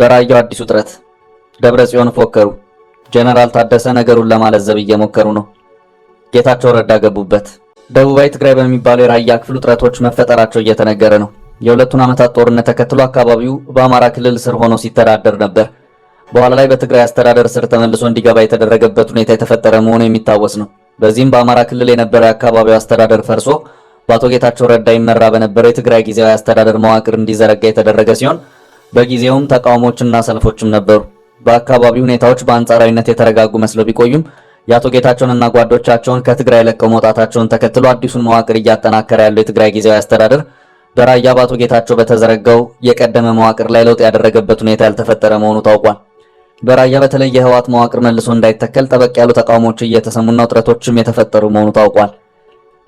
በራያው አዲስ ውጥረት ደብረ ጽዮን ፎከሩ። ጀነራል ታደሰ ነገሩን ለማለዘብ እየሞከሩ ነው። ጌታቸው ረዳ ገቡበት። ደቡባዊ ትግራይ በሚባለው የራያ ክፍል ውጥረቶች መፈጠራቸው እየተነገረ ነው። የሁለቱን ዓመታት ጦርነት ተከትሎ አካባቢው በአማራ ክልል ስር ሆኖ ሲተዳደር ነበር። በኋላ ላይ በትግራይ አስተዳደር ስር ተመልሶ እንዲገባ የተደረገበት ሁኔታ የተፈጠረ መሆኑ የሚታወስ ነው። በዚህም በአማራ ክልል የነበረ የአካባቢው አስተዳደር ፈርሶ በአቶ ጌታቸው ረዳ ይመራ በነበረው የትግራይ ጊዜያዊ አስተዳደር መዋቅር እንዲዘረጋ የተደረገ ሲሆን በጊዜውም ተቃውሞችና ሰልፎችም ነበሩ። በአካባቢው ሁኔታዎች በአንጻራዊነት የተረጋጉ መስለው ቢቆዩም የአቶ ጌታቸውንና ጓዶቻቸውን ከትግራይ ለቀው መውጣታቸውን ተከትሎ አዲሱን መዋቅር እያጠናከረ ያለው የትግራይ ጊዜያዊ አስተዳደር በራያ በአቶ ጌታቸው በተዘረጋው የቀደመ መዋቅር ላይ ለውጥ ያደረገበት ሁኔታ ያልተፈጠረ መሆኑ ታውቋል። በራያ በተለይ የህወሓት መዋቅር መልሶ እንዳይተከል ጠበቅ ያሉ ተቃውሞች እየተሰሙና ውጥረቶችም የተፈጠሩ መሆኑ ታውቋል።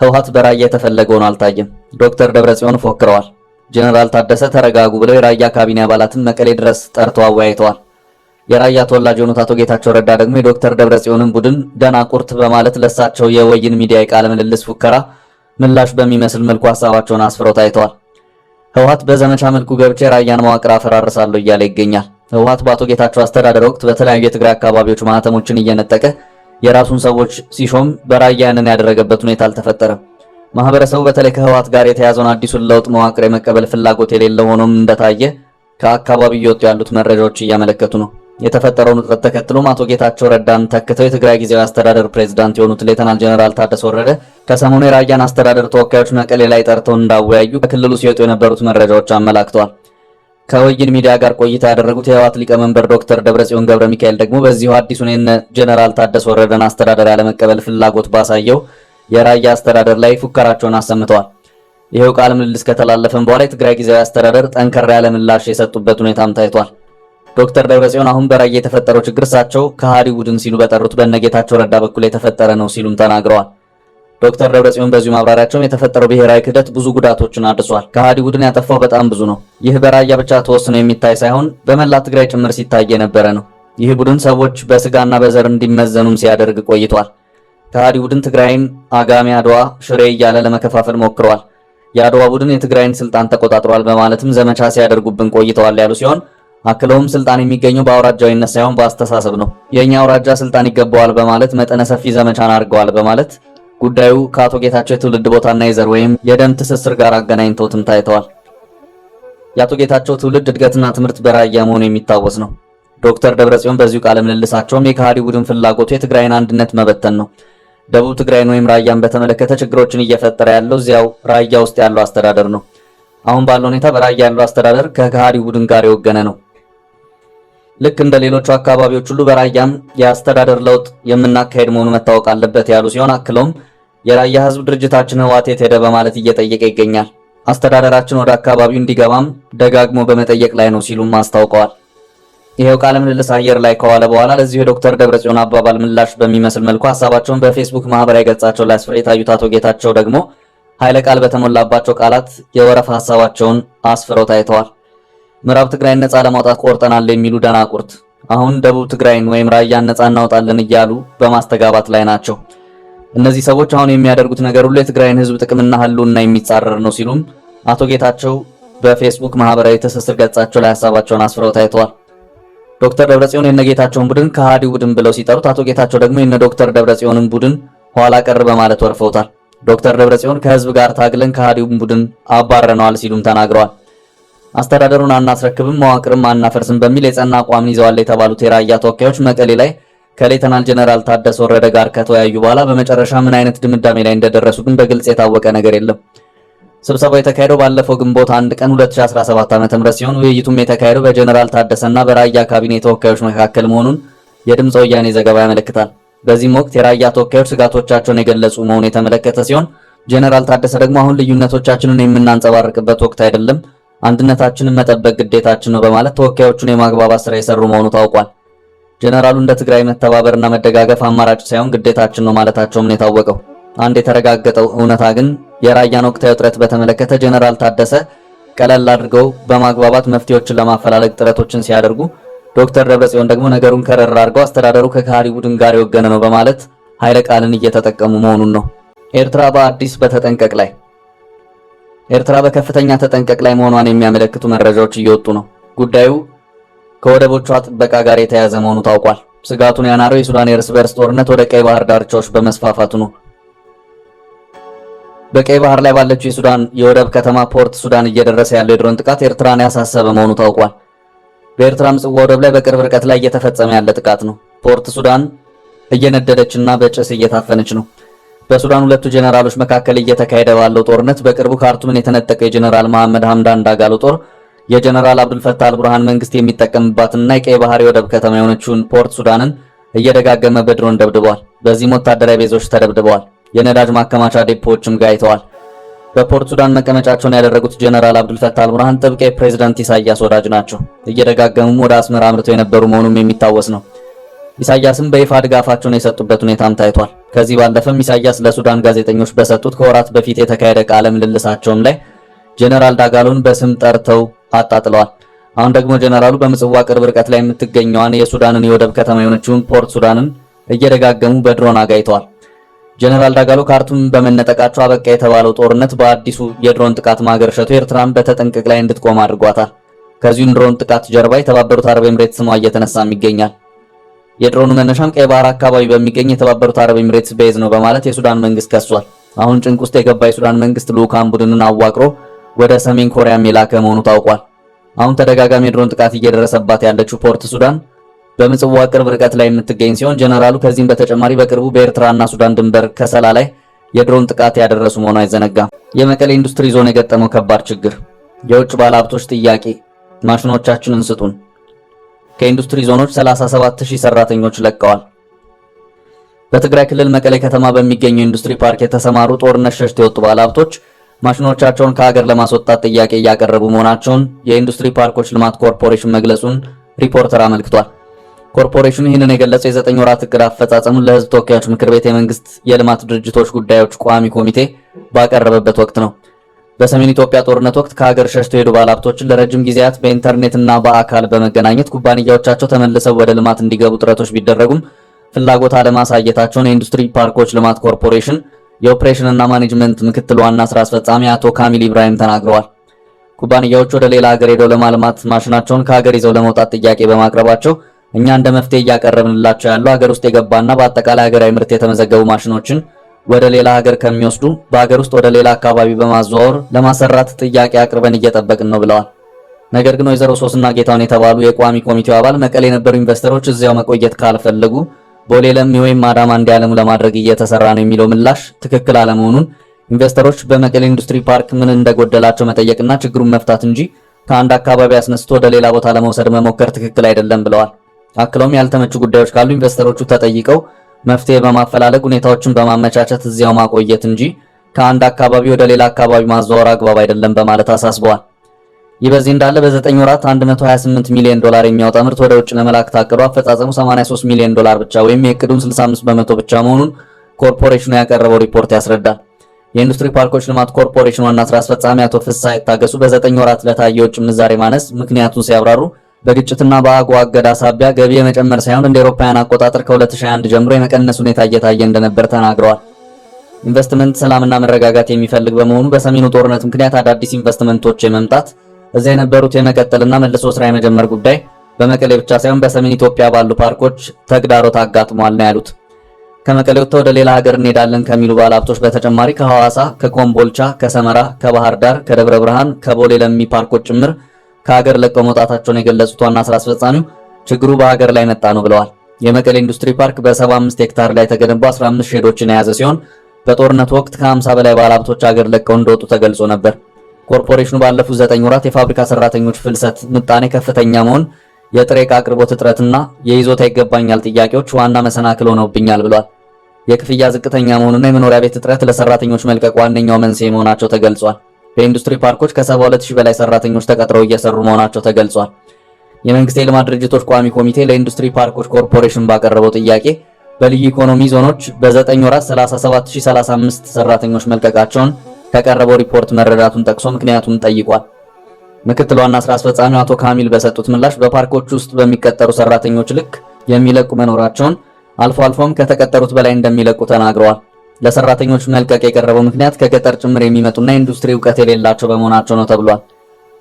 ህወሓት በራያ የተፈለገውን አልታየም። ዶክተር ደብረጽዮን ፎክረዋል። ጀነራል ታደሰ ተረጋጉ ብለው የራያ ካቢኔ አባላትን መቀሌ ድረስ ጠርተው አወያይተዋል። የራያ ተወላጅ የሆኑት አቶ ጌታቸው ረዳ ደግሞ የዶክተር ደብረጽዮንን ቡድን ደናቁርት በማለት ለሳቸው የወይን ሚዲያ የቃለ ምልልስ ፉከራ ምላሽ በሚመስል መልኩ ሀሳባቸውን አስፍረው ታይተዋል። ህወሓት በዘመቻ መልኩ ገብቼ የራያን መዋቅር አፈራርሳለሁ እያለ ይገኛል። ህወሓት በአቶ ጌታቸው አስተዳደር ወቅት በተለያዩ የትግራይ አካባቢዎች ማህተሞችን እየነጠቀ የራሱን ሰዎች ሲሾም በራያ ያንን ያደረገበት ሁኔታ አልተፈጠረም። ማህበረሰቡ በተለይ ከህወሓት ጋር የተያዘውን አዲሱን ለውጥ መዋቅር የመቀበል ፍላጎት የሌለ ሆኖም እንደታየ ከአካባቢው እየወጡ ያሉት መረጃዎች እያመለከቱ ነው። የተፈጠረውን ውጥረት ተከትሎም አቶ ጌታቸው ረዳን ተክተው የትግራይ ጊዜያዊ አስተዳደር ፕሬዝዳንት የሆኑት ሌተናል ጀነራል ታደሰ ወረደ ከሰሞኑ የራያን አስተዳደር ተወካዮች መቀሌ ላይ ጠርተው እንዳወያዩ ከክልሉ ሲወጡ የነበሩት መረጃዎች አመላክተዋል። ከወይን ሚዲያ ጋር ቆይታ ያደረጉት የህወሓት ሊቀመንበር ዶክተር ደብረጽዮን ገብረ ሚካኤል ደግሞ በዚሁ አዲሱን የነ ጀነራል ታደሰ ወረደን አስተዳደር ያለመቀበል ፍላጎት ባሳየው የራያ አስተዳደር ላይ ፉከራቸውን አሰምተዋል። ይሄው ቃለ ምልልስ ከተላለፈም በኋላ የትግራይ ጊዜያዊ አስተዳደር ጠንከር ያለ ምላሽ የሰጡበት ሁኔታም ታይቷል። ዶክተር ደብረጽዮን አሁን በራያ የተፈጠረው ችግር እሳቸው ከሃዲ ቡድን ሲሉ በጠሩት በነጌታቸው ረዳ በኩል የተፈጠረ ነው ሲሉም ተናግረዋል። ዶክተር ደብረጽዮን በዚሁ ማብራሪያቸውም የተፈጠረው ብሔራዊ ክህደት ብዙ ጉዳቶችን አድርሷል። ከሃዲ ቡድን ያጠፋው በጣም ብዙ ነው። ይህ በራያ ብቻ ተወስኖ የሚታይ ሳይሆን በመላ ትግራይ ጭምር ሲታይ የነበረ ነው። ይህ ቡድን ሰዎች በስጋና በዘር እንዲመዘኑም ሲያደርግ ቆይቷል። ከሃዲ ቡድን ትግራይን አጋሚ አድዋ ሽሬ እያለ ለመከፋፈል ሞክረዋል። የአድዋ ቡድን የትግራይን ስልጣን ተቆጣጥሯል በማለትም ዘመቻ ሲያደርጉብን ቆይተዋል ያሉ ሲሆን አክለውም ስልጣን የሚገኘው በአውራጃዊነት ሳይሆን በአስተሳሰብ ነው፣ የእኛ አውራጃ ስልጣን ይገባዋል በማለት መጠነ ሰፊ ዘመቻን አድርገዋል በማለት ጉዳዩ ከአቶ ጌታቸው የትውልድ ቦታና የዘር ወይም የደም ትስስር ጋር አገናኝተውትም ታይተዋል። የአቶ ጌታቸው ትውልድ እድገትና ትምህርት በራያ መሆኑ የሚታወስ ነው። ዶክተር ደብረጽዮን በዚሁ ቃለ ምልልሳቸውም የከሃዲ ቡድን ፍላጎቱ የትግራይን አንድነት መበተን ነው ደቡብ ትግራይን ወይም ራያን በተመለከተ ችግሮችን እየፈጠረ ያለው እዚያው ራያ ውስጥ ያለው አስተዳደር ነው። አሁን ባለው ሁኔታ በራያ ያለው አስተዳደር ከከሃዲው ቡድን ጋር የወገነ ነው። ልክ እንደ ሌሎቹ አካባቢዎች ሁሉ በራያም የአስተዳደር ለውጥ የምናካሄድ መሆኑ መታወቅ አለበት ያሉ ሲሆን አክለውም የራያ ህዝብ ድርጅታችን ህወሓት የት ሄደ በማለት እየጠየቀ ይገኛል። አስተዳደራችን ወደ አካባቢው እንዲገባም ደጋግሞ በመጠየቅ ላይ ነው ሲሉም አስታውቀዋል። ይሄው ቃለ ምልልስ አየር ላይ ከዋለ በኋላ ለዚሁ የዶክተር ደብረጽዮን አባባል ምላሽ በሚመስል መልኩ ሀሳባቸውን በፌስቡክ ማህበራዊ ገጻቸው ላይ አስፍረው የታዩት አቶ ጌታቸው ደግሞ ኃይለ ቃል በተሞላባቸው ቃላት የወረፋ ሀሳባቸውን አስፍረው ታይተዋል። ምዕራብ ትግራይን ነፃ ለማውጣት ቆርጠናል የሚሉ ደናቁርት አሁን ደቡብ ትግራይን ወይም ራያን ነፃ እናውጣለን እያሉ በማስተጋባት ላይ ናቸው። እነዚህ ሰዎች አሁን የሚያደርጉት ነገር ሁሉ የትግራይን ህዝብ ጥቅምና ህልውና የሚጻረር ነው ሲሉም አቶ ጌታቸው በፌስቡክ ማህበራዊ ትስስር ገጻቸው ላይ ሀሳባቸውን አስፍረው ታይተዋል። ዶክተር ደብረጽዮን የነጌታቸውን ቡድን ከሃዲ ቡድን ብለው ሲጠሩት አቶ ጌታቸው ደግሞ የነ ዶክተር ደብረጽዮንን ቡድን ኋላ ቀር በማለት ወርፈውታል። ዶክተር ደብረጽዮን ከህዝብ ጋር ታግለን ከሃዲውን ቡድን አባረነዋል ሲሉም ተናግረዋል። አስተዳደሩን አናስረክብም፣ መዋቅርም አናፈርስም በሚል የጸና አቋምን ይዘዋል የተባሉት የራያ ተወካዮች መቀሌ ላይ ከሌተናል ጀነራል ታደሰ ወረደ ጋር ከተወያዩ በኋላ በመጨረሻ ምን አይነት ድምዳሜ ላይ እንደደረሱ ግን በግልጽ የታወቀ ነገር የለም። ስብሰባው የተካሄደው ባለፈው ግንቦት አንድ ቀን 2017 ዓ.ም ሲሆን ውይይቱም የተካሄደው በጀነራል ታደሰና በራያ ካቢኔ ተወካዮች መካከል መሆኑን የድምፀ ወያኔ ዘገባ ያመለክታል። በዚህም ወቅት የራያ ተወካዮች ስጋቶቻቸውን የገለጹ መሆኑ የተመለከተ ሲሆን ጀነራል ታደሰ ደግሞ አሁን ልዩነቶቻችንን የምናንጸባርቅበት ወቅት አይደለም፣ አንድነታችንን መጠበቅ ግዴታችን ነው በማለት ተወካዮቹን የማግባባት ስራ የሰሩ መሆኑ ታውቋል። ጀነራሉ እንደ ትግራይ መተባበርና መደጋገፍ አማራጭ ሳይሆን ግዴታችን ነው ማለታቸውም ነው የታወቀው። አንድ የተረጋገጠው እውነታ ግን የራያን ወቅታዊ ውጥረት በተመለከተ ጀነራል ታደሰ ቀለል አድርገው በማግባባት መፍትሄዎችን ለማፈላለግ ጥረቶችን ሲያደርጉ፣ ዶክተር ደብረጽዮን ደግሞ ነገሩን ከረር አድርገው አስተዳደሩ ከካሪ ቡድን ጋር የወገነ ነው በማለት ኃይለ ቃልን እየተጠቀሙ መሆኑን ነው። ኤርትራ በአዲስ በተጠንቀቅ ላይ ኤርትራ በከፍተኛ ተጠንቀቅ ላይ መሆኗን የሚያመለክቱ መረጃዎች እየወጡ ነው። ጉዳዩ ከወደቦቿ ጥበቃ ጋር የተያያዘ መሆኑ ታውቋል። ስጋቱን ያናረው የሱዳን የእርስ በርስ ጦርነት ወደ ቀይ ባህር ዳርቻዎች በመስፋፋቱ ነው። በቀይ ባህር ላይ ባለችው የሱዳን የወደብ ከተማ ፖርት ሱዳን እየደረሰ ያለው የድሮን ጥቃት ኤርትራን ያሳሰበ መሆኑ ታውቋል። በኤርትራ ምጽዋ ወደብ ላይ በቅርብ ርቀት ላይ እየተፈጸመ ያለ ጥቃት ነው። ፖርት ሱዳን እየነደደችና በጭስ እየታፈነች ነው። በሱዳን ሁለቱ ጀነራሎች መካከል እየተካሄደ ባለው ጦርነት በቅርቡ ካርቱምን የተነጠቀ የጀነራል መሐመድ ሐምዳን ዳጋሎ ጦር የጀነራል አብዱልፈታህ አልቡርሃን መንግስት የሚጠቀምባትና የቀይ ባህር የወደብ ከተማ የሆነችውን ፖርት ሱዳንን እየደጋገመ በድሮን ደብድበዋል። በዚህም ወታደራዊ ቤዞች ተደብድበዋል። የነዳጅ ማከማቻ ዴፖዎችም ጋይተዋል። በፖርት ሱዳን መቀመጫቸውን ያደረጉት ጀነራል አብዱልፈታህ አልቡርሃን ጥብቅ የፕሬዝዳንት ኢሳያስ ወዳጅ ናቸው። እየደጋገሙም ወደ አስመራ አምርተው የነበሩ መሆኑም የሚታወስ ነው። ኢሳያስም በይፋ ድጋፋቸውን የሰጡበት ሁኔታም ታይቷል። ከዚህ ባለፈም ኢሳያስ ለሱዳን ጋዜጠኞች በሰጡት ከወራት በፊት የተካሄደ ቃለ ምልልሳቸውም ላይ ጀነራል ዳጋሎን በስም ጠርተው አጣጥለዋል። አሁን ደግሞ ጀነራሉ በምጽዋ ቅርብ ርቀት ላይ የምትገኘዋን የሱዳንን የወደብ ከተማ የሆነችውን ፖርት ሱዳንን እየደጋገሙ በድሮን አጋይተዋል። ጀነራል ዳጋሎ ካርቱም በመነጠቃቸው አበቃ የተባለው ጦርነት በአዲሱ የድሮን ጥቃት ማገርሸቱ ኤርትራን በተጠንቀቅ ላይ እንድትቆም አድርጓታል። ከዚሁም ድሮን ጥቃት ጀርባ የተባበሩት አረብ ኤምሬት ስሟ እየተነሳም ይገኛል። የድሮኑ መነሻም ቀይ ባህር አካባቢ በሚገኝ የተባበሩት አረብ ኤምሬትስ ቤዝ ነው በማለት የሱዳን መንግስት ከሷል። አሁን ጭንቅ ውስጥ የገባ የሱዳን መንግስት ልዑካን ቡድንን አዋቅሮ ወደ ሰሜን ኮሪያም የላከ መሆኑ ታውቋል። አሁን ተደጋጋሚ የድሮን ጥቃት እየደረሰባት ያለችው ፖርት ሱዳን በምጽዋ ቅርብ ርቀት ላይ የምትገኝ ሲሆን ጀነራሉ ከዚህም በተጨማሪ በቅርቡ በኤርትራና ሱዳን ድንበር ከሰላ ላይ የድሮን ጥቃት ያደረሱ መሆኑ አይዘነጋም። የመቀሌ ኢንዱስትሪ ዞን የገጠመው ከባድ ችግር፣ የውጭ ባለሀብቶች ጥያቄ ማሽኖቻችንን ስጡን። ከኢንዱስትሪ ዞኖች 37000 ሰራተኞች ለቀዋል። በትግራይ ክልል መቀሌ ከተማ በሚገኘው ኢንዱስትሪ ፓርክ የተሰማሩ ጦርነት ሸሽተው የወጡ ባለሀብቶች ማሽኖቻቸውን ከሀገር ለማስወጣት ጥያቄ እያቀረቡ መሆናቸውን የኢንዱስትሪ ፓርኮች ልማት ኮርፖሬሽን መግለጹን ሪፖርተር አመልክቷል። ኮርፖሬሽኑ ይህንን የገለጸው የዘጠኝ ወራት እቅድ አፈጻጸሙን ለህዝብ ተወካዮች ምክር ቤት የመንግስት የልማት ድርጅቶች ጉዳዮች ቋሚ ኮሚቴ ባቀረበበት ወቅት ነው። በሰሜን ኢትዮጵያ ጦርነት ወቅት ከሀገር ሸሽተው የሄዱ ባለሀብቶችን ለረጅም ጊዜያት በኢንተርኔትና በአካል በመገናኘት ኩባንያዎቻቸው ተመልሰው ወደ ልማት እንዲገቡ ጥረቶች ቢደረጉም ፍላጎት አለማሳየታቸውን የኢንዱስትሪ ፓርኮች ልማት ኮርፖሬሽን የኦፕሬሽንና ማኔጅመንት ምክትል ዋና ስራ አስፈጻሚ አቶ ካሚል ኢብራሂም ተናግረዋል። ኩባንያዎቹ ወደ ሌላ ሀገር ሄደው ለማልማት ማሽናቸውን ከሀገር ይዘው ለመውጣት ጥያቄ በማቅረባቸው እኛ እንደ መፍትሄ እያቀረብንላቸው ያለው ሀገር ውስጥ የገባና በአጠቃላይ ሀገራዊ ምርት የተመዘገቡ ማሽኖችን ወደ ሌላ ሀገር ከሚወስዱ በሀገር ውስጥ ወደ ሌላ አካባቢ በማዘዋወር ለማሰራት ጥያቄ አቅርበን እየጠበቅን ነው ብለዋል። ነገር ግን ወይዘሮ ሶስና ጌታውን የተባሉ የቋሚ ኮሚቴው አባል መቀሌ የነበሩ ኢንቨስተሮች እዚያው መቆየት ካልፈለጉ ቦሌ ለሚ ወይም አዳማ እንዲያለሙ ለማድረግ እየተሰራ ነው የሚለው ምላሽ ትክክል አለመሆኑን ኢንቨስተሮች በመቀሌ ኢንዱስትሪ ፓርክ ምን እንደጎደላቸው መጠየቅና ችግሩን መፍታት እንጂ ከአንድ አካባቢ አስነስቶ ወደ ሌላ ቦታ ለመውሰድ መሞከር ትክክል አይደለም ብለዋል። አክለውም ያልተመቹ ጉዳዮች ካሉ ኢንቨስተሮቹ ተጠይቀው መፍትሄ በማፈላለግ ሁኔታዎችን በማመቻቸት እዚያው ማቆየት እንጂ ከአንድ አካባቢ ወደ ሌላ አካባቢ ማዘዋወር አግባብ አይደለም በማለት አሳስበዋል። ይህ በዚህ እንዳለ በዘጠኝ ወራት 128 ሚሊዮን ዶላር የሚያወጣ ምርት ወደ ውጭ ለመላክ ታቅዶ አፈጻጸሙ 83 ሚሊዮን ዶላር ብቻ ወይም የእቅዱን 65 በመቶ ብቻ መሆኑን ኮርፖሬሽኑ ያቀረበው ሪፖርት ያስረዳል። የኢንዱስትሪ ፓርኮች ልማት ኮርፖሬሽን ዋና ስራ አስፈጻሚ አቶ ፍሳ የታገሱ በዘጠኝ ወራት ለታየ የውጭ ምንዛሬ ማነስ ምክንያቱን ሲያብራሩ በግጭትና በአጎ አገዳ ሳቢያ ገቢ የመጨመር ሳይሆን እንደ አውሮፓውያን አቆጣጠር ከ2021 ጀምሮ የመቀነስ ሁኔታ እየታየ እንደነበር ተናግረዋል። ኢንቨስትመንት ሰላምና መረጋጋት የሚፈልግ በመሆኑ በሰሜኑ ጦርነት ምክንያት አዳዲስ ኢንቨስትመንቶች የመምጣት እዚያ የነበሩት የመቀጠልና መልሶ ስራ የመጀመር ጉዳይ በመቀሌ ብቻ ሳይሆን በሰሜን ኢትዮጵያ ባሉ ፓርኮች ተግዳሮት አጋጥሟል ነው ያሉት። ከመቀሌ ወጥተው ወደ ሌላ ሀገር እንሄዳለን ከሚሉ ባለሀብቶች በተጨማሪ ከሐዋሳ፣ ከኮምቦልቻ፣ ከሰመራ፣ ከባህር ዳር፣ ከደብረ ብርሃን፣ ከቦሌ ለሚ ፓርኮች ጭምር ከሀገር ለቀው መውጣታቸውን የገለጹት ዋና ስራ አስፈጻሚው ችግሩ በሀገር ላይ መጣ ነው ብለዋል። የመቀሌ ኢንዱስትሪ ፓርክ በ75 ሄክታር ላይ ተገንቦ 15 ሼዶችን የያዘ ሲሆን በጦርነት ወቅት ከ50 በላይ ባለሀብቶች ሀገር ለቀው እንደወጡ ተገልጾ ነበር። ኮርፖሬሽኑ ባለፉት 9 ወራት የፋብሪካ ሰራተኞች ፍልሰት ምጣኔ ከፍተኛ መሆን፣ የጥሬ ዕቃ አቅርቦት እጥረትና የይዞታ ይገባኛል ጥያቄዎች ዋና መሰናክል ሆነውብኛል ብሏል። የክፍያ ዝቅተኛ መሆኑና የመኖሪያ ቤት እጥረት ለሰራተኞች መልቀቅ ዋነኛው መንስኤ መሆናቸው ተገልጿል። በኢንዱስትሪ ፓርኮች ከ72 በላይ ሰራተኞች ተቀጥረው እየሰሩ መሆናቸው ተገልጿል። የመንግስት የልማት ድርጅቶች ቋሚ ኮሚቴ ለኢንዱስትሪ ፓርኮች ኮርፖሬሽን ባቀረበው ጥያቄ በልዩ ኢኮኖሚ ዞኖች በ9 ወራት 37035 ሰራተኞች መልቀቃቸውን ከቀረበው ሪፖርት መረዳቱን ጠቅሶ ምክንያቱን ጠይቋል። ምክትል ዋና ስራ አስፈጻሚ አቶ ካሚል በሰጡት ምላሽ በፓርኮች ውስጥ በሚቀጠሩ ሰራተኞች ልክ የሚለቁ መኖራቸውን አልፎ አልፎም ከተቀጠሩት በላይ እንደሚለቁ ተናግረዋል። ለሰራተኞች መልቀቅ የቀረበው ምክንያት ከገጠር ጭምር የሚመጡና ኢንዱስትሪ እውቀት የሌላቸው በመሆናቸው ነው ተብሏል።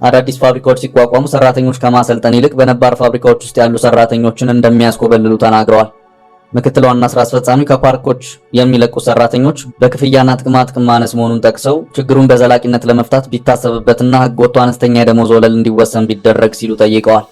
አዳዲስ ፋብሪካዎች ሲቋቋሙ ሰራተኞች ከማሰልጠን ይልቅ በነባር ፋብሪካዎች ውስጥ ያሉ ሰራተኞችን እንደሚያስኮበልሉ ተናግረዋል። ምክትል ዋና ስራ አስፈጻሚ ከፓርኮች የሚለቁ ሰራተኞች በክፍያና ጥቅማ ጥቅም ማነስ መሆኑን ጠቅሰው ችግሩን በዘላቂነት ለመፍታት ቢታሰብበትና ህገወጡ አነስተኛ የደሞዝ ወለል እንዲወሰን ቢደረግ ሲሉ ጠይቀዋል።